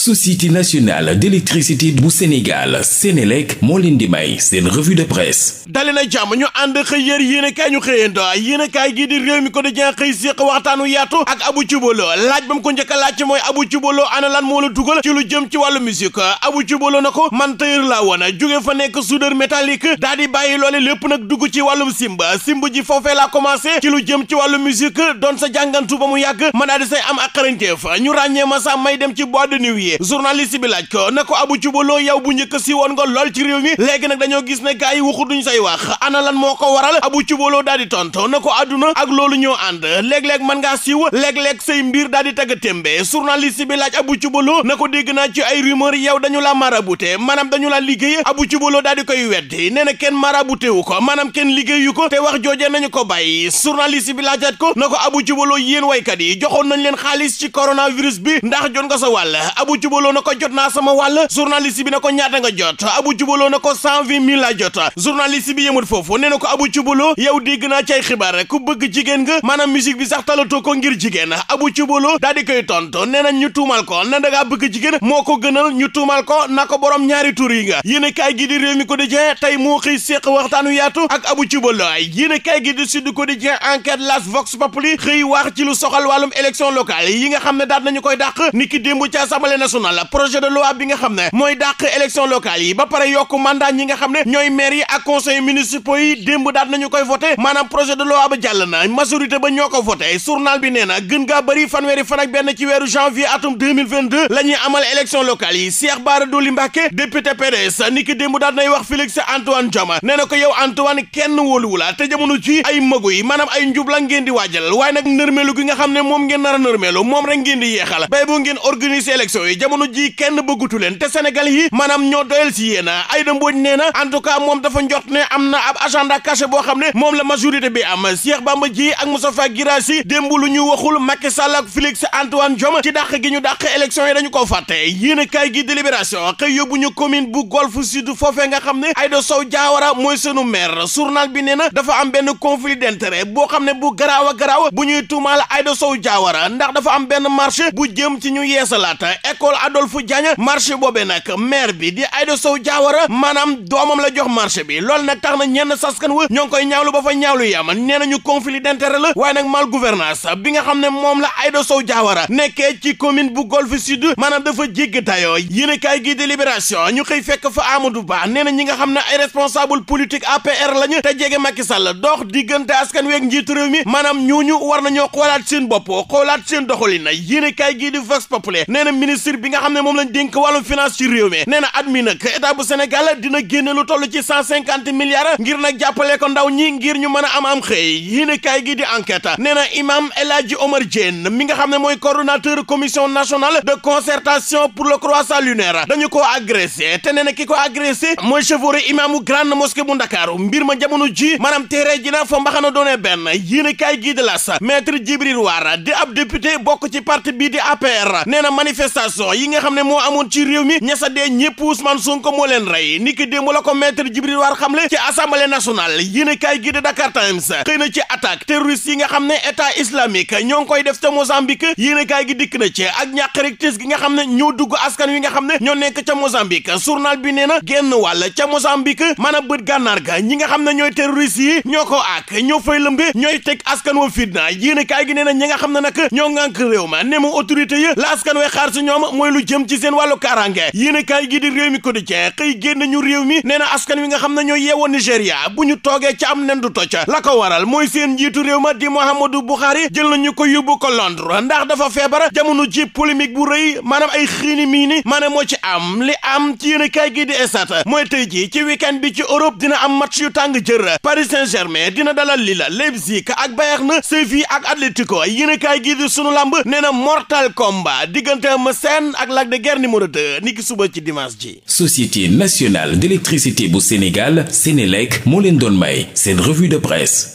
société nationale d'électricité bu Sénégal Sénélec moo leen di may seen revue de presse dali na jàmm ñu ànd xëy yér yéenekaay ñu xëyando yéenekaay gi di réew mi ko di jen xëy séq waxtaanu yaatu ak Abou Thioubalo laaj ba mu ko njëkk a laaj mooy Abou Thioubalo ana lan moo la dugal ci lu jëm ci wàllu musique Abou Thioubalo na ko man tëyër laa woon jóge fa nekk soudeur métallique daa di bàyyi loole lépp nag dugg ci wàllum simba simba ji foofee laa commencé ci lu jëm ci wàllu musique doon sa jàngantu ba mu yàgg ma daa di say am ak ñu ràññee ma sa may dem ci boîte de nuit yi journaliste bi laaj ko na ko abu cubaloo yow bu njëkk si woon nga lool ci réew mi léegi nag dañoo gis ne gars yi waxu duñ say wax ana lan moo ko waral abu cubaloo daal di tontu na ko àdduna ak loolu ñoo ànd léeg-léeg mën ngaa siiw léeg-léeg say mbir daal di tagg témbe journaliste bi laaj abu cubaloo na ko dégg naa ci ay rumeur yow dañu la marabouté maanaam dañu la liggéey abu cubaloo daal di koy weddi nee na kenn marabouté ko maanaam kenn liggéeyu ko te wax joojee nañu ko bàyyi journaliste bi laajaat na ko abu cubaloo yéen waykat yi joxoon bi ndax jot nga sa wàll jubaloo na ko jot naa sama wàll journaliste bi na ko ñaata nga jot abu jubaloo na ko san vingt mille la jot journaliste bi yemul foofu nee na ko abu jubaloo yow dégg naa ci ay xibaar ku bëgg jigéen nga maanaam musique bi sax talatoo ko ngir jigéen abu jubaloo daal di koy tont nee na ñu tuumal ko na dangaa bëgg jigéen moo ko gënal ñu tuumal ko na ko borom ñaari tur yi nga yéen a kaay gi di réew mi ko di jeex tey moo xëy séq waxtaanu yaatu ak abu jubaloo ay yéen a kaay gi di ko di jeex enquête las vox populi xëy wax ci lu soxal wàllum élection locale yi nga xam ne daat nañu koy dàq niki démb ci assemblée national projet de loi bi nga xam ne mooy dàq élection locale yi ba pare yokk mandaa ñi nga xam ne ñooy maire yi a conseil municipaux yi démb daat nañu koy voté maanaam projet de loi ba jàll na majorité ba ñoo ko voté journal bi nee na gën ngaa bëri fanweeri fan ak benn ci weeru janvier atum 2022 la ñuy amal élection locale yi Cheikh Bara Dolly Mbacké député PDS ni ki démb daat nay wax Félix Antoine Diome nee na ko yow Antoine kenn wóoluwula te jamono ci ay magu yi maanaam ay njubla ngeen di waajal waaye nag nërmeelu gi nga xam ne moom ngeen nar a ngeen di yeexal bay boo ngeen organiser élection yi jamono ji kenn bëggutu leen te Sénégal yi maanaam ñoo doyal si yéen a Aïda Mbodj nee na tout cas moom dafa njort ne am na ab agenda caché boo xam ne moom la majorité bi am Cheikh ma ji ak Moustapha Guirassy démb lu ñu waxul Macky Sall ak Félix Antoine Diome ci dàq gi ñu dàq élection yi dañu ko fàtte yéen a kaay gi délibération xëy yóbbu ñu commune bu Golf Sud foofee nga xam ne Aïda Sow Diawara mooy sunu maire journal bi nee na dafa am benn conflit d'intérêt boo xam ne bu garaaw a bu ñuy tuumaal Aïda Sow Diawara ndax dafa am benn marché bu jëm ci ñu yeesalaat école Léopold Adolphe Diagne marché boobee nag maire bi di Aïda Sow Diawara maanaam doomam la jox marché bi loolu nag tax na ñenn saskan kan ñoo ngi koy ñaawlu ba fa ñaawlu yaman nee nañu conflit d'intérêt la waaye nag mal gouvernance bi nga xam ne moom la Aïda Sow Diawara nekkee ci commune bu Golf Sud maanaam dafa jégg tayoo yéen a kaay gi délibération ñu xëy fekk fa Amadou Ba nee ñi nga xam ne ay responsable politique APR lañu te jege Macky Sall dox diggante askan weeg njiitu mi maanaam ñooñu war nañoo xoolaat seen bopp xoolaat seen doxalin yéen a kaay gi di bi nga xam ne moom lañ dénk wàllum finance ci réew mi nee na at mi dina génne lu toll ci cent cinquante milliards ngir na jàppale ko ndaw ñi ngir ñu mën a am am xëy yéen a gi di enquête nee na imam El Hadji Omar Diène mi nga xam ne mooy coordonnateur commission nationale de concertation pour le croissant lunaire dañu ko agressé te nee na ki ko agressé mooy chauffeur imaamu grande mosquée bu Ndakaaru mbir ma jamono ji maanaam teere ji na fa mbaxana doone benn yéen a kaay gi di las maître Djibril War di ab député bokk ci parti bii di APR nee na manifestation agression yi nga xam ne moo amoon ci réew mi ña sa dee ñëpp Ousmane Sonko moo leen rey niki démb la ko maître Djibril War xamle ci assemblée nationale yéen kaay gi de Dakar Times xëy na ci attaque terroriste yi nga xam ne état islamique ñoo koy def ca Mozambique yéen kaay gi dikk na ci ak ñàkk rek tis gi nga xam ne ñoo dugg askan wi nga xam ne ñoo nekk ca Mozambique journal bi nee na genn wàll ca Mozambique maanaam bët gànnaar ga ñi nga xam ne ñooy terroriste yi ñoo ko ak ñoo fay lëmbe ñooy teg askan wa fitna yéen kaay gi nee na ñi nga xam ne nag ñoo ngànk réew ma ne mu autorité yi la askan xaar si ñoom mooy lu jëm ci seen wàllu kaaraange yéene kaay gi di réew mi quotidien xëy génn ñu réew mi nee na askan wi nga xam ne ñooy yeewoo Nigéria bu ñu toogee ci am nen du toj la ko waral mooy seen njiitu réew ma di Muhammadu Buhari jël ñu ko yóbbu ko Londres ndax dafa feebara jamono ji polémique bu rëy maanaam ay xiini miini maanaam moo ci am li am ci yéene kaay gi di esat mooy tey ji ci wi end bi ci Europe dina am match yu tàng jër Paris Saint-Germain dina dalal Lille Leipzig ak Bayern Séville ak Atlético yéene kaay gi di sunu lamb nee na mortal combat diggante ma Kane ak Lac de Guiers numéro 2 niki suba ci dimanche ji. Société nationale d'électricité bu Sénégal Sénélec moo leen doon may seen revue de presse.